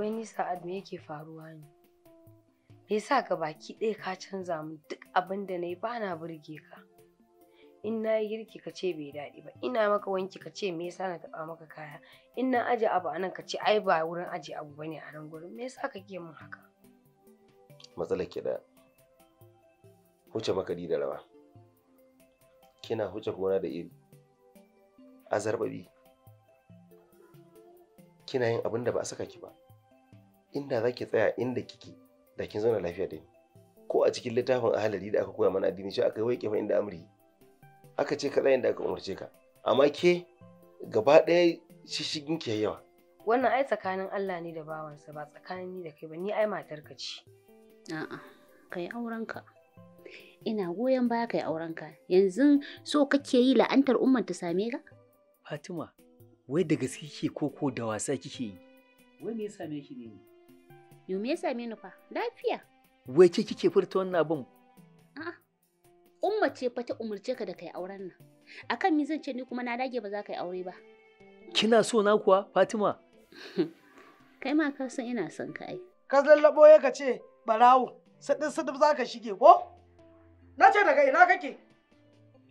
Wai nisa sa'ad me yake faruwa ne? Me yasa ka baki ɗaya ka canza min duk abin da na yi ba na burge ka? In na yi girki ka ce bai daɗi ba, ina maka wanki ka ce me yasa na taɓa maka kaya, in na aje abu a nan ka ce ai ba wurin aje abu bane a nan gurin, me yasa kake min haka? Matsalar ki da Huce makaɗi da rawa. Kina huce gona da iri. Azarbabi. Kina yin abin da ba a saka ki ba. inda za ki tsaya inda kike da kin zauna lafiya da ni ko a cikin littafin ahalari da aka koya mana addini shi aka waike fa inda amri aka ce ka tsaya inda aka umarce ka amma ke gaba ɗaya shishigin ke yawa wannan ai tsakanin Allah ne da bawansa ba tsakanin ni da kai ba ni ai matarka ce a'a kai aurenka ina goyon baya kai aurenka yanzu so kake yi la'antar umman ta same ka Fatima wai da gaske kike ko ko da wasa kike yi wai me ya same shi ne yau me ya same ni fa? Lafiya. Wai ce kike furta wannan abin? A'a. Umma ce fa ta umurce ka da kai auren nan. Akan mi zan ce ni kuma na dage ba za ka yi aure ba. Kina so na kuwa Fatima? Kai ma ka san ina son ka ai. Ka lallabo ya ka ce barawo sadin sadin za ka shige ko? Na ce daga ina kake?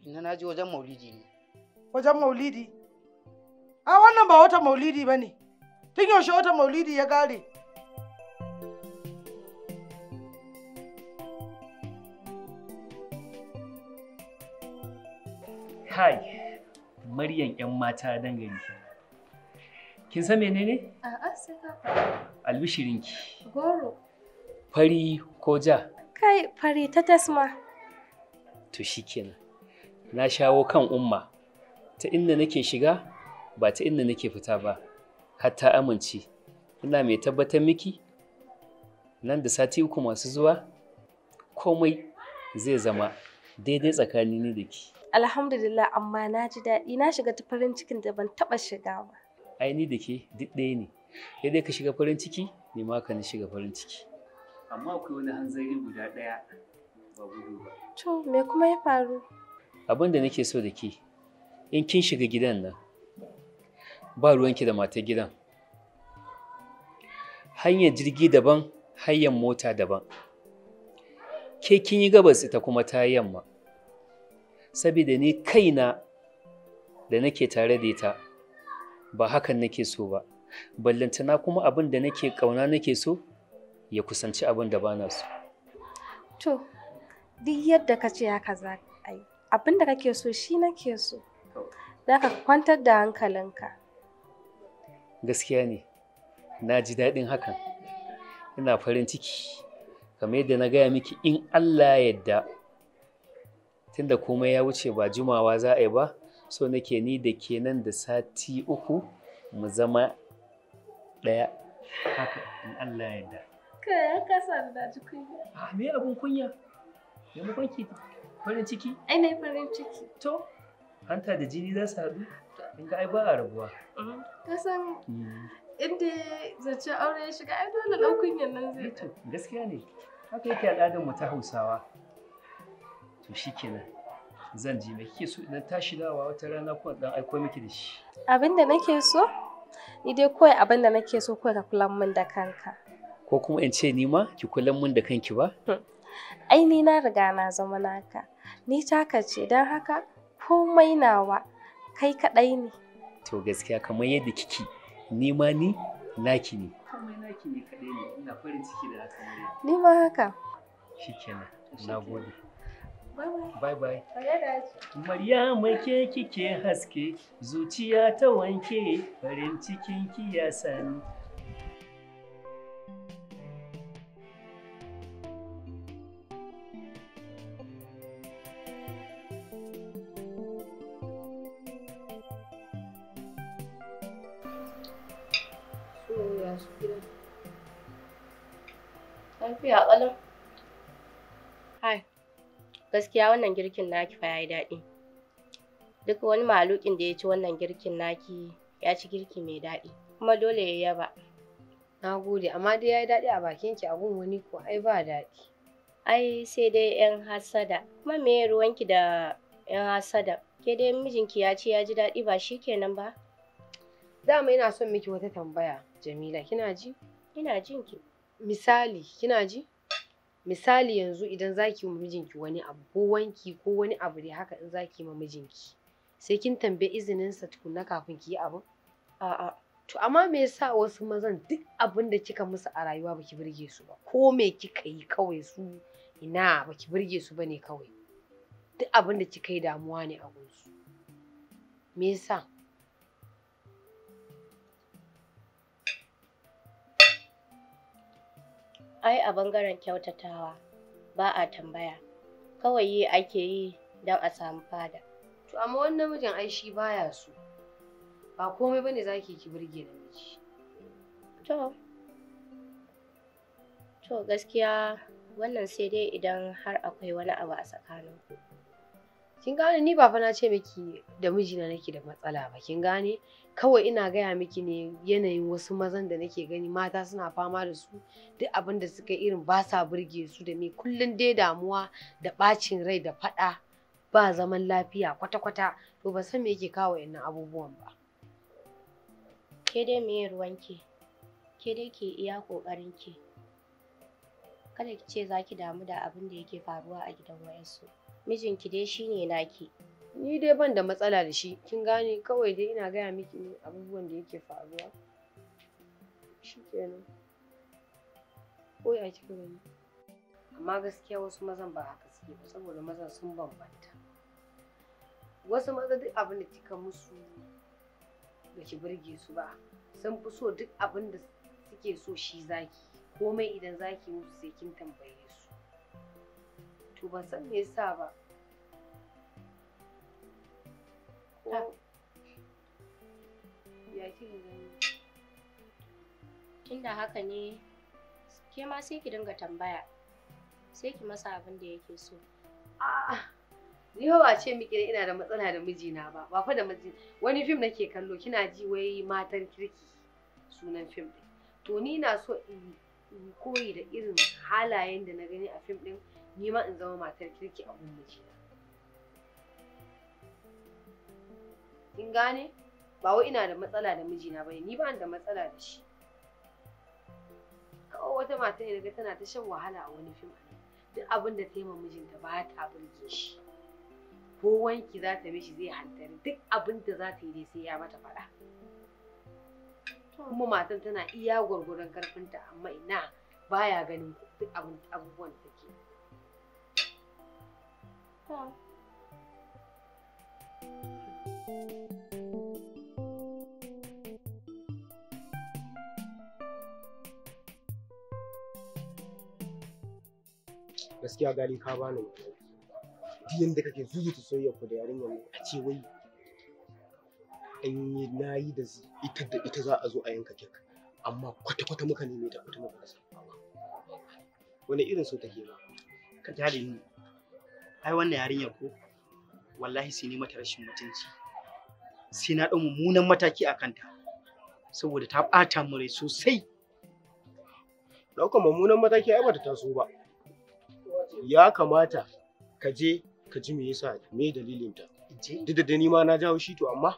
Ina na je wajen maulidi ne. Wajen maulidi? A wannan ba wata maulidi ba ne. Tun yaushe wata maulidi ya gare. Kai, Maryam 'yan mata dangane. Kin san menene? A'a sai ka Albishirinki. Goro. Fari ko ja? Kai fari ta tasma. To shikenan. Na shawo kan umma. Ta inda nake shiga ba ta inda nake fita ba. Hatta amince. Ina mai tabbatar miki nan da sati uku masu zuwa komai zai zama daidai tsakanin ni da ki. alhamdulillah amma na ji daɗi na shiga ta farin cikin da ban taɓa shiga ba ai ni da ke duk ɗaya ne sai dai ka shiga farin ciki ni ma ka ni shiga farin ciki amma akwai wani hanzari guda ɗaya ba gudu ba to me kuma ya faru abin da nake so da ke in kin shiga gidan nan ba ruwanki da matar gidan hanyar jirgi daban hanyar mota daban ke kin yi gabas ita kuma ta yamma saboda ni kaina da nake tare da ita ba hakan nake so ba ballantana kuma abin da nake ƙauna nake so ya kusanci abin da bana so to duk yadda ka ce haka za a yi abin da kake so shi nake so za ka kwantar da hankalinka gaskiya ne na ji daɗin hakan ina farin ciki kamar yadda na gaya miki in allah ya yadda tunda komai ya wuce ba jimawa za a yi ba so nake ni da ke nan da sati uku mu zama ɗaya haka in Allah ya da ka ka san da kunya a ah, me abun kunya ya mu kwanki farin ciki ai ne farin ciki to hanta da jini za su haɗu in ga ai ba a rabuwa mm, ka san mm. inda zace aure ya shiga ai dole ɗan kunyan nan zai eh gaskiya ne haka yake al'adar mu ta Hausawa to shikenan zan ji me kike so idan tashi dawa wata rana ko dan aiko miki da shi abin da nake so ni dai koyi abin da nake so koyi ka kullum min da kanka ko kuma in ce ni ma ki kullum min da kanki ba hmm. ai ni na riga na zama naka ni taka ce don haka komai nawa kai kaɗai ne to gaskiya kamar yadda kiki ni ma ni naki ne komai naki ne ina farin ciki da haka ni ma haka shikenan na gode Bye bye. Maryama ke kike haske, zuciya ta wanke, farin cikin ya sani. Lafiya ƙalau. gaskiya wannan girkin naki fa yayi daɗi duk wani malukin da ya ci wannan girkin naki ya ci girki mai daɗi kuma dole ya yaba na gode amma dai yayi daɗi a bakin ki a gun wani ko ai ba daɗi ai sai dai yan hasada kuma me ruwanki da yan hasada ke dai mijinki ya ci, ya ji daɗi ba shi kenan ba dama ina son miki wata tambaya jamila kina ji ina jinki misali kina ji misali yanzu idan zaki ma mijinki wani abu ko wanki ko wani abu dai haka in zaki ma mijinki sai kin tambayi izinin sa tukunna kafin ki yi abu? a'a to amma me yasa wasu mazan duk abin da kika musu a rayuwa baki burge su ba ko me kika yi kawai su ina baki burge su bane kawai duk abin da kika damuwa ne a gunsu me yasa Ai a bangaren kyautatawa ba a tambaya, kawai yi ake yi don a samu fada. To amma wani namijin ai shi baya so, ba komai bane zaki ki burge namiji. To, to gaskiya wannan sai dai idan har akwai wani abu a tsakaninku. kin gane ni ba fa na ce miki da mijina nake da matsala ba kin gane kawai ina gaya miki ne yanayin wasu mazan da nake gani mata suna fama da su duk abin da suka irin ba sa burge su da me kullun dai damuwa da bacin rai da fada ba zaman lafiya kwata-kwata to ba san me yake kawo wa'annan abubuwan ba ke dai me ruwanki ke dai ke iya kokarin ki kada ki ce zaki damu da abin da yake faruwa a gidan wayansu. mijinki dai ne naki ni dai ban da matsala da shi kin gane kawai dai ina gaya miki ne abubuwan da yake faruwa shikenan ko ya kika gani amma gaskiya wasu mazan ba haka suke ba saboda mazan sun bambanta wasu maza duk abin da kika musu ba ki burge su ba sun fi so duk abin da suke so shi zaki komai idan zaki musu sai kin tambaye to ban san me yasa ba ah. tunda haka ne ke ma sai ki dinga tambaya sai ki masa abin da yake so a'a ni ba ce miki ina da matsala da mijina ba ba fa da miji wani fim nake kallo kina ji wai matan kirki sunan fim din to ni na so in koyi da irin halayen da na gani a fim ɗin. nima in zama matar kirki a gun in kin gane ba wai ina da matsala da mijina bane ni ba da matsala da shi kawai wata mata ne ga tana ta shan wahala a wani fim duk abin da ta yi ma mijinta ba ta burge shi ko wanki za ta mishi zai hantari duk abin da za ta yi dai sai ya mata faɗa kuma matan tana iya gwargwaron karfinta amma ina baya ganin duk abubuwan da Tamam. Gaskiya gali ka bani mamaki. Duk yadda kake zuzuta soyayyar ku da yarinyar nan a ce wai an yi nayi yi da ita da ita za a zo a yanka kek amma kwata-kwata muka neme ta kwata muka rasa wani irin so take ba ka jari ni ai wannan yarinyar ko wallahi sai ni mata rashin mutunci sai na ɗau mummunan mataki a kanta saboda ta ɓata mu rai sosai ɗaukar mummunan mataki ai bata taso ba ya kamata ka je ka ji me yasa me dalilin ta duk da ni ma na jawo shi to amma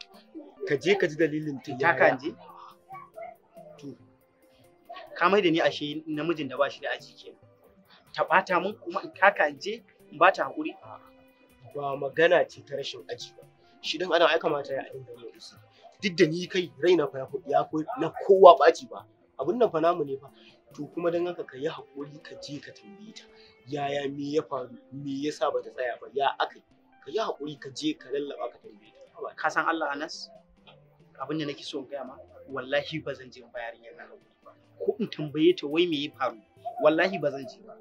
ka je ka ji dalilin ta ta ka je to ka mai da ni ashe namijin da ba shi da aji kenan ta ɓata mun kuma in ka kan je ba ta haƙuri ba magana ce ta rashin aji ba shi dan adam ai kamata ya dinga yin wasu. duk da ni kai raina fa ya na kowa ɓaci ba abin nan fa namu ne fa to kuma dan haka ka yi haƙuri ka je ka tambaye ta yaya me ya faru me yasa ta tsaya ba ya aka ka yi haƙuri ka je ka lallaba ka tambaye ta ka san Allah Anas abin da nake so in gaya ma wallahi ba zan je bayarin yana ko in tambaye ta wai me ya faru wallahi ba zan je ba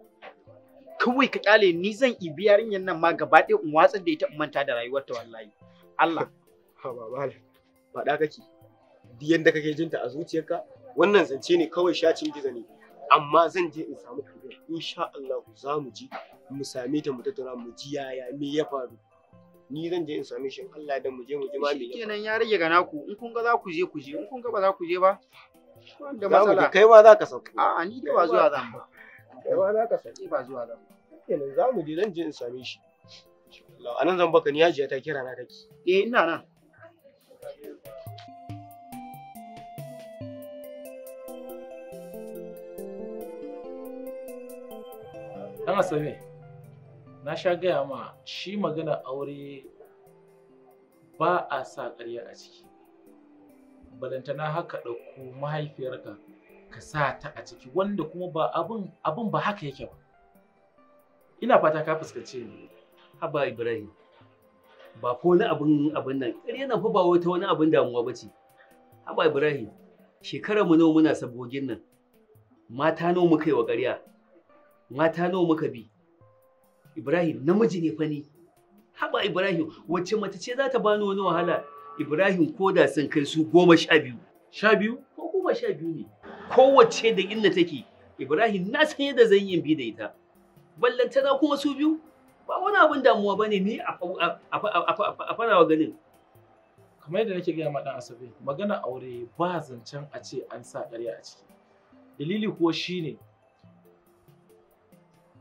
kawai ka kyale ni zan ibi yarinyar nan ma gaba ɗaya in watsar da ita in manta da rayuwarta wallahi Allah ha ba ba faɗa kake duk yanda kake jinta a zuciyarka wannan zance ne kawai shacin gizo ne amma zan je in samu kuɗi insha Allah za mu ji mu same ta mu tattauna mu ji yaya me ya faru ni zan je in same shi Allah da mu je mu ji ma me ya kenan ya rage gana ku. in kun ga za ku je ku je in kun ga ba za ku je ba da matsala kai ma za ka sauko a'a ni da ba zuwa zan ba kai ma na ka sani ba zuwa nan kenan za mu je zan je in same shi a nan zan baka ni hajiya ta kira na kake eh ina nan Dan Asabe, na sha gaya ma shi magana aure ba a sa ƙarya a ciki. Balantana haka ɗauko mahaifiyarka ka sa ta a ciki wanda kuma ba abin abin ba haka yake ba ina fata ka fuskance ni haba ibrahim ba ko na abin abin nan ƙarya yana fa ba wata wani abin damuwa bace haba ibrahim shekarar mu nawa muna sabogin nan mata nawa muka yi wa ƙarya mata nawa muka bi ibrahim namiji ne fa ni haba ibrahim wacce mace ce za ta bani wani wahala ibrahim ko da sun kai su goma sha biyu sha biyu ko goma sha biyu ne kowace da inda take ibrahim na san yadda zan yi bi da ita ballantana kuma su biyu ba wani abin damuwa bane ni a wa ganin kamar yadda nake gaya ma dan asabe magana aure ba zancen a ce an sa ƙarya a ciki dalili kuwa shine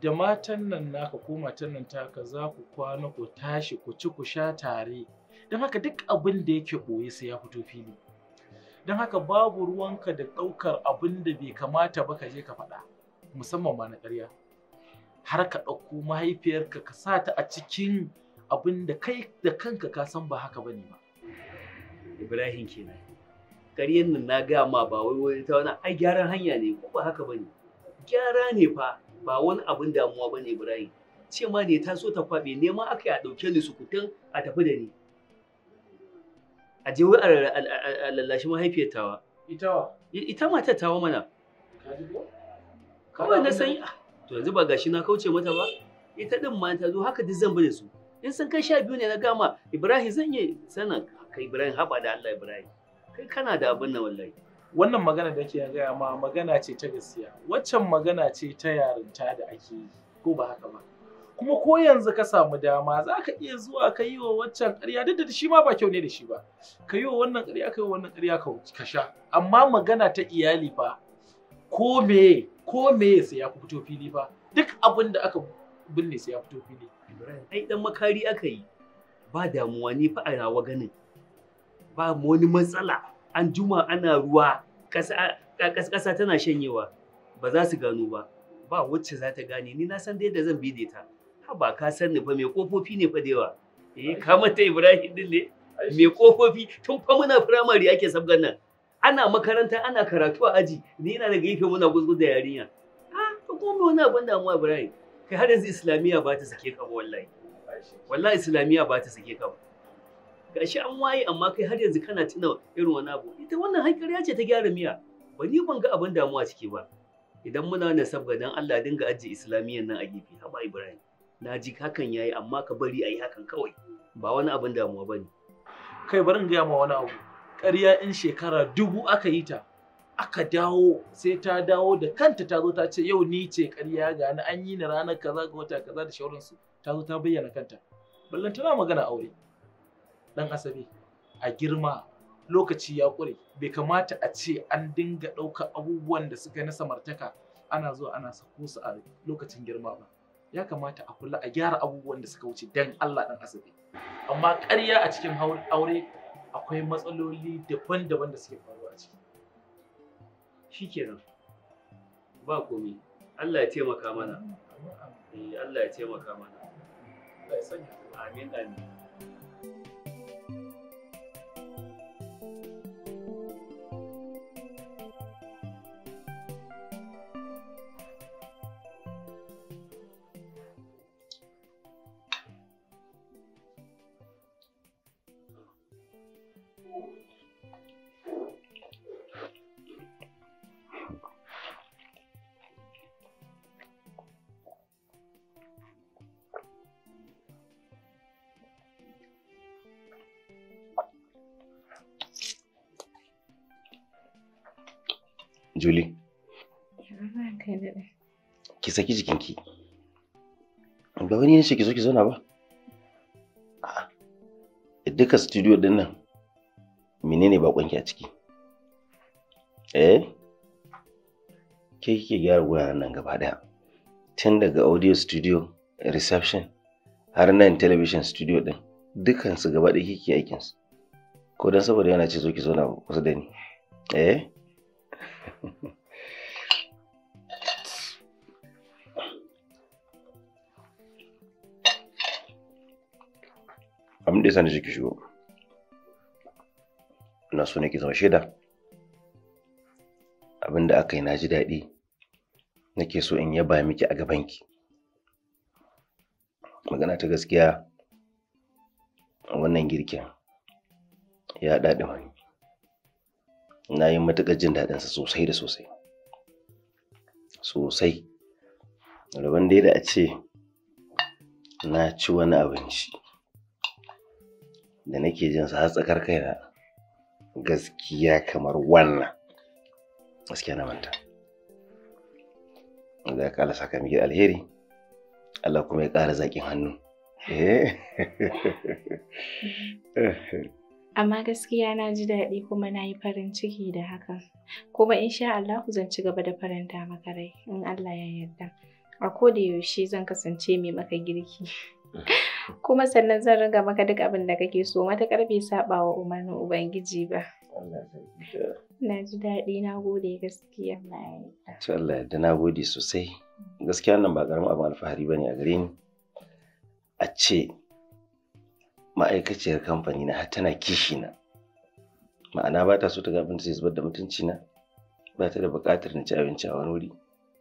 da matan nan naka ko matan nan taka za ku kwana ku tashi ku ci ku sha tare don haka duk abin da yake ɓoye sai ya fito fili don haka babu ruwanka da ɗaukar abin da bai kamata ba ka je ka faɗa musamman ma na ƙarya har ka ɗauko mahaifiyarka ka sa ta a cikin abin da kai da kanka ka san ba haka ba ne ba Ibrahim kenan ƙaryar nan na gaya ma ba wai wani ta wani ai gyaran hanya ne ko ba haka bane gyara ne fa ba wani abin damuwa ba ne Ibrahim ce ne ta so ta kwaɓe nema aka yi a ɗauke ni sukutun a tafi da ni a je wai a lallashi mahaifiyar tawa ita ita matar tawa mana kawai na san ah, to yanzu ba gashi na kauce mata ba ita din ma ta zo haka duk zan bi da su in sun kai sha biyu ne na gama ibrahim zan yi sana kai ibrahim haba da allah ibrahim kai kana da abin nan wallahi wannan magana da ke gaya ma magana ce ta gaskiya waccan magana ce ta yarinta da ake yi ko ba haka ba kuma ko yanzu ka samu dama za ka iya zuwa ka yi wa waccan ƙarya duk da shi ma ba kyau ne da shi ba ka yi wa wannan ƙarya ka yi wa wannan ƙarya ka sha amma magana ta iyali fa ko me ko me sai ya fito fili fa duk abin da aka binne sai ya fito fili ai dan makari aka yi ba damuwa ni fa a rawa ganin ba wani matsala an juma ana ruwa ƙasa tana shanyewa ba za su gano ba ba wacce za ta gane ni na san da yadda zan bi ta Ba ka san ni fa mai kofofi ne fa da eh ka mata Ibrahim din ne mai kofofi tun fa muna firamare ake sabgan nan ana makaranta ana karatu a aji ni ina daga gefe muna gudu da yarinya ah to ko me wani abin damuwa Ibrahim kai har yanzu islamiya ba ta sake ka wallahi wallahi islamiya ba ta sake ka gashi an waye amma kai har yanzu kana tuna irin wani abu ita wannan hankali ce ta gyara miya ba ni ban ga abin damuwa ciki ba idan muna nasab ga dan Allah dinga ajiye islamiyan nan a gefe haba Ibrahim na ji hakan ya yi, amma ka bari a yi hakan kawai ba wani abin damuwa ba ne. kai barin gaya ma wani abu ƙarya in shekara dubu aka yi ta aka dawo sai ta dawo da kanta ta zo ta ce yau ni ce ƙarya ga ni an yi ni ranar kaza ga wata kaza da shauransu ta zo ta bayyana kanta ballan tana magana aure dan asabe a girma lokaci ya ƙure bai kamata a ce an dinga ɗaukar abubuwan da suka na samartaka ana zuwa ana sako su a lokacin girma ba ya kamata a kula a gyara abubuwan da suka wuce dan Allah dan asabi amma ƙarya a cikin aure akwai matsaloli daban-daban da suke faruwa a ciki shikenan ba komai eh, Allah ya taimaka mana Allah ya taimaka mana amin amin Juli. Ki saki jikinki. Ba wani ne ce ki zo ki zauna ba? Eh, duka studio din nan menene bakonki a ciki? Eh? Ke kike gyara wuraren nan gaba daya. Tun daga audio studio, reception, har nan television studio din. Dukansu gaba ɗaya kike aikinsu. Ko don saboda yana ce zo ki zauna kusa da ni. Eh? abin da ya sani ki shigo na so ne ki zama shaida abin da aka yi na ji daɗi nake so in yaba miki a gabanki magana ta gaskiya wannan girkin ya daɗi wani na yi matuƙar jin sa sosai da sosai sosai rabon dai da a ce na ci wani abinci da nake jin sa har tsakar kaina gaskiya kamar wannan gaskiya na manta da ka ƙara saka miki alheri Allah kuma ya ƙara zaƙin hannu eh Amma gaskiya na ji daɗi kuma na yi farin ciki da hakan. Kuma insha Allah zan ci gaba da faranta maka rai in Allah ya yarda. A ko koda yaushe zan kasance mai maka girki. kuma sannan zan ringa maka duk abin da kake so matuƙar bai saba wa umarnin ubangiji ba. Na ji daɗi na gode gaskiya. Allah da na gode sosai. Gaskiya nan ba ƙaramin abin alfahari ba ne a gare ni. A ce ma'aikaciyar kamfani na har tana kishi na ma'ana ba ta so ta ga abin da zai zubar da mutunci na ba ta da buƙatar na ci abinci a wani wuri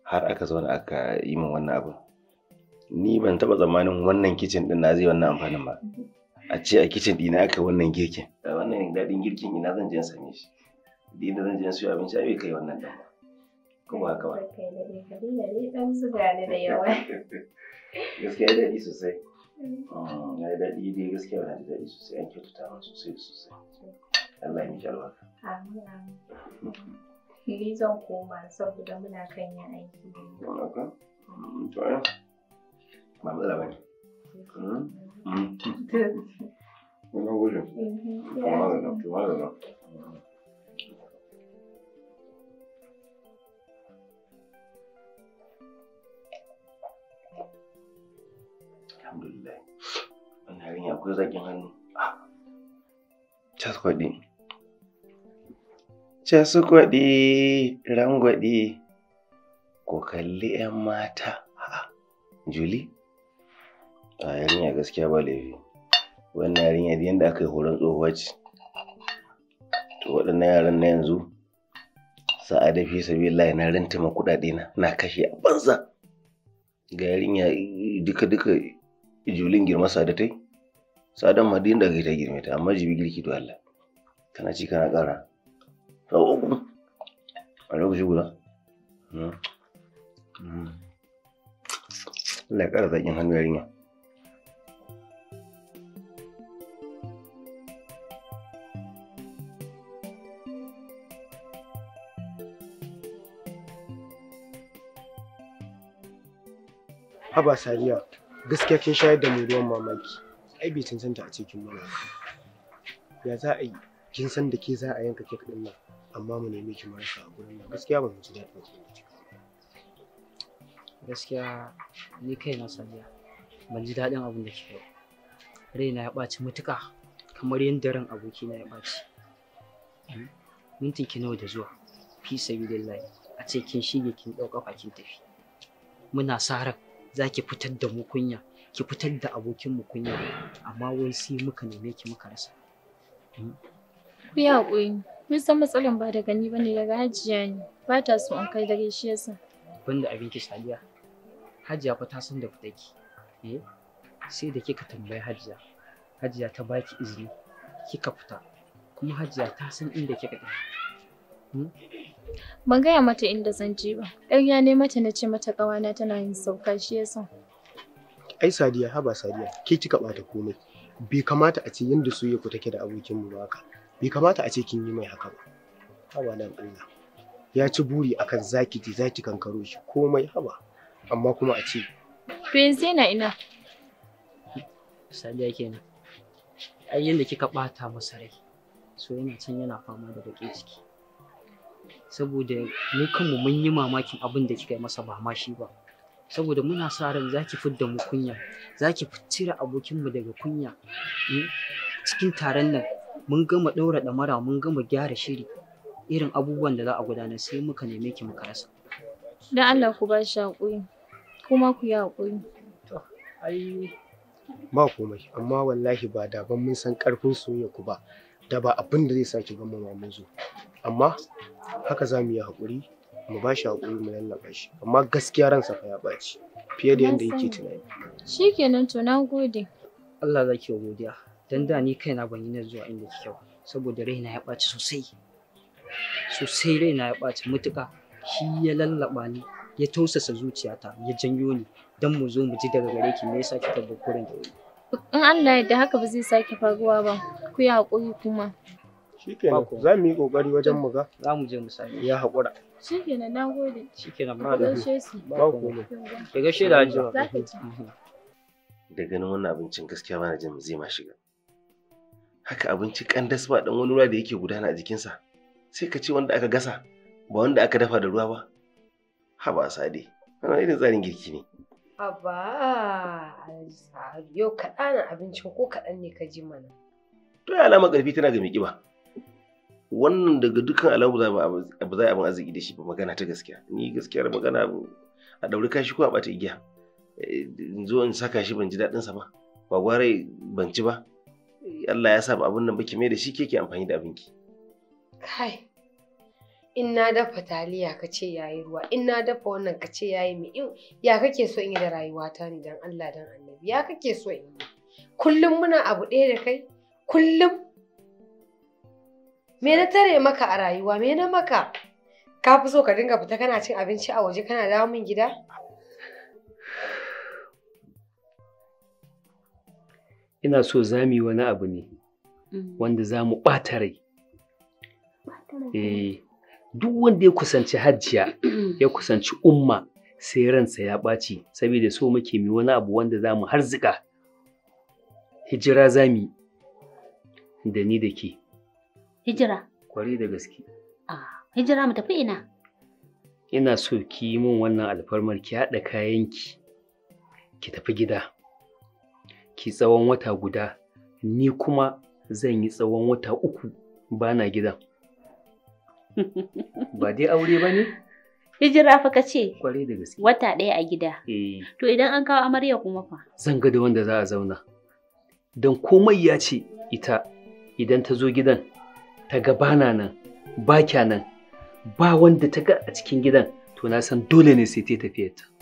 har aka zauna aka yi min wannan abin ni ban taɓa tsammanin wannan kicin ɗin na zai wannan amfanin ba a ce a kicin na aka wannan girkin da wannan daɗin girkin ina zan je in same shi da zan je in siyo abinci a bai kai wannan ɗan ba kuma haka ba gaskiya ni sosai Ah, na yi daɗi dai gaskiya na da daɗi sosai an kyautata min sosai da sosai. Allah ya miki Amin amin. Ni zan koma saboda muna kan yin aiki. Haka? Mm, to ai. Ba matsala ba ne. Wannan mm, mm. gudun. akwai zagin hannu ah. casgwaɗi casgwaɗi rangwaɗi ko kalli 'yan mata juli a yarinya gaskiya ba laifi wannan yarinya da yadda aka yi horon tsohuwa ce to waɗannan yaran na yanzu sa'a da fi sabilillahi na rintima kuɗaɗe na na kashe a banza ga yarinya duka duka julin girma sa da tai tsadan ma duk inda kai ta girme ta amma jibi girki to Allah kana ci kana ƙara sau uku a lokaci guda hmm. Hmm. Allah ya ƙara zaƙin hannu yarinya Haba Sariya, gaskiya kin shayar da mu ruwan mamaki. ai bai ta a cikin mana ya za a yi kin san da ke za a yanka ke din nan amma mu nemi ki marasa a gurin nan gaskiya ba mu ji daɗin ki gaskiya ni kai na saniya ban ji daɗin abin da kike raina ya ɓaci mutuka kamar yadda ran na ya ɓaci mintin ki nawa da zuwa fi sabilillahi a ce kin shige kin ɗauka kin tafi muna sa ran za ki fitar da mu kunya ki fitar da abokin mu kunya amma wai sai muka neme ki muka rasa hmm. ku ya koyi mun san matsalan ba da gani bane daga hajiya ne ba ta so an kai dare shi yasa banda abin ki shaliya hajiya fa ta san da ku ki eh sai da kika tambayi hajiya hajiya ta baki izini kika fita kuma hajiya ta san inda kika tafi hmm? ban gaya mata inda zan je ba ƙarya ne mata na ce mata ƙawana tana yin sauka shi yasa ai sadiya haba sadiya ke kika bata komai bai kamata a ce yanda soyayya ku take da abokin mu ba haka bai kamata a ce kin yi mai haka ba haba nan Allah ya ci buri akan zaki ji zaki kankaro shi komai haba amma kuma a ce to yanzu yana ina sadiya kenan ai yanda kika bata masa rai so yana can yana fama da baƙin ciki saboda mu kanmu mun yi mamakin abin da kika yi masa ba ma shi ba saboda muna sa ran za ki fidda mu kunya za ki cire abokinmu daga kunya hmm? cikin taron nan mun gama ɗaura ɗamara mun gama gyara shiri irin abubuwan da za a gudanar sai muka neme ki muka rasa dan Allah ku ba shi haƙuri kuma ku yi haƙuri ba komai amma wallahi ba daban mun san ƙarfin soyayya ku ba da ba abin da zai ki gama mu zo amma haka za mu yi haƙuri mu ba shi hakuri mu lallaba shi amma gaskiya ransa fa ya ɓaci fiye da yadda yake tunani shikenan to na gode Allah zaki godiya dan da ni kaina ban yi na zuwa inda kike ba saboda raina ya ɓaci sosai sosai raina ya ɓaci mutuka shi ya lallaba ni ya tausasa zuciyata ya janyo ni dan mu zo mu ji daga gare ki me yasa kika bar da wuri in Allah ya yarda haka ba zai sake faruwa ba ku yi hakuri kuma shikenan za mu yi kokari wajen mu ga za mu je mu sami ya haƙura shikenan gode. shikenan ba da ba komai ki gaishe da ajiya mhm. da ganin wannan abincin gaskiya bana jin zai ma shiga haka abinci kandas ba dan wani ruwa da yake gudana a jikinsa sai ka ce wanda aka gasa ba wanda aka dafa da ruwa ba haba sade ana irin tsarin girki ne Aba, yau kaɗanan abincin ko kaɗan ne ka ji mana. To ya alama ƙarfi tana ga mai ƙiba. wannan daga dukkan alamu za ba za abin arziki da shi ba magana ta gaskiya ni gaskiyar magana a ɗauri kashi ko a ɓata igiya eh, in zo in saka shi ban ji daɗin sa ba ba gware ban ci ba Allah ya sa ba abin nan ba ki mai da shi ke amfani da abin ki kai in na dafa taliya ka ce yayi ruwa in na dafa wannan ka ce yayi mai in ya kake so in yi da rayuwata ni dan Allah dan Annabi ya kake so in yi kullum muna abu ɗaya da kai kullum me na tare maka a rayuwa me na maka ka fi so ka dinga fita kana cin abinci a waje kana dawo min gida ina so za mu yi wani abu ne mm. wanda za mu ɓata rai eh duk wanda ya kusanci hajjiya mm. ya kusanci umma sai ransa ya ɓaci saboda so muke mi wani abu wanda za mu harzika hijira za mu da ni da ke Hijira. Kwarai da gaske. Ah, hijira mu tafi ina? Ina so ki yi min wannan alfarmar ki haɗa kayanki ki tafi gida. Ki tsawon wata guda ni kuma zan yi tsawon wata uku bana gidan. Ba dai aure ba ne? Hijira fa ka ce? Kwari da gaske. Wata ɗaya a gida. Eh. To idan an kawo amarya kuma fa? Zan ga da wanda za a zauna. Don komai ya ce ita idan ta zo gidan ta ga bana nan ba kya nan ba wanda ta ga a cikin gidan to na san dole ne sai ta ta.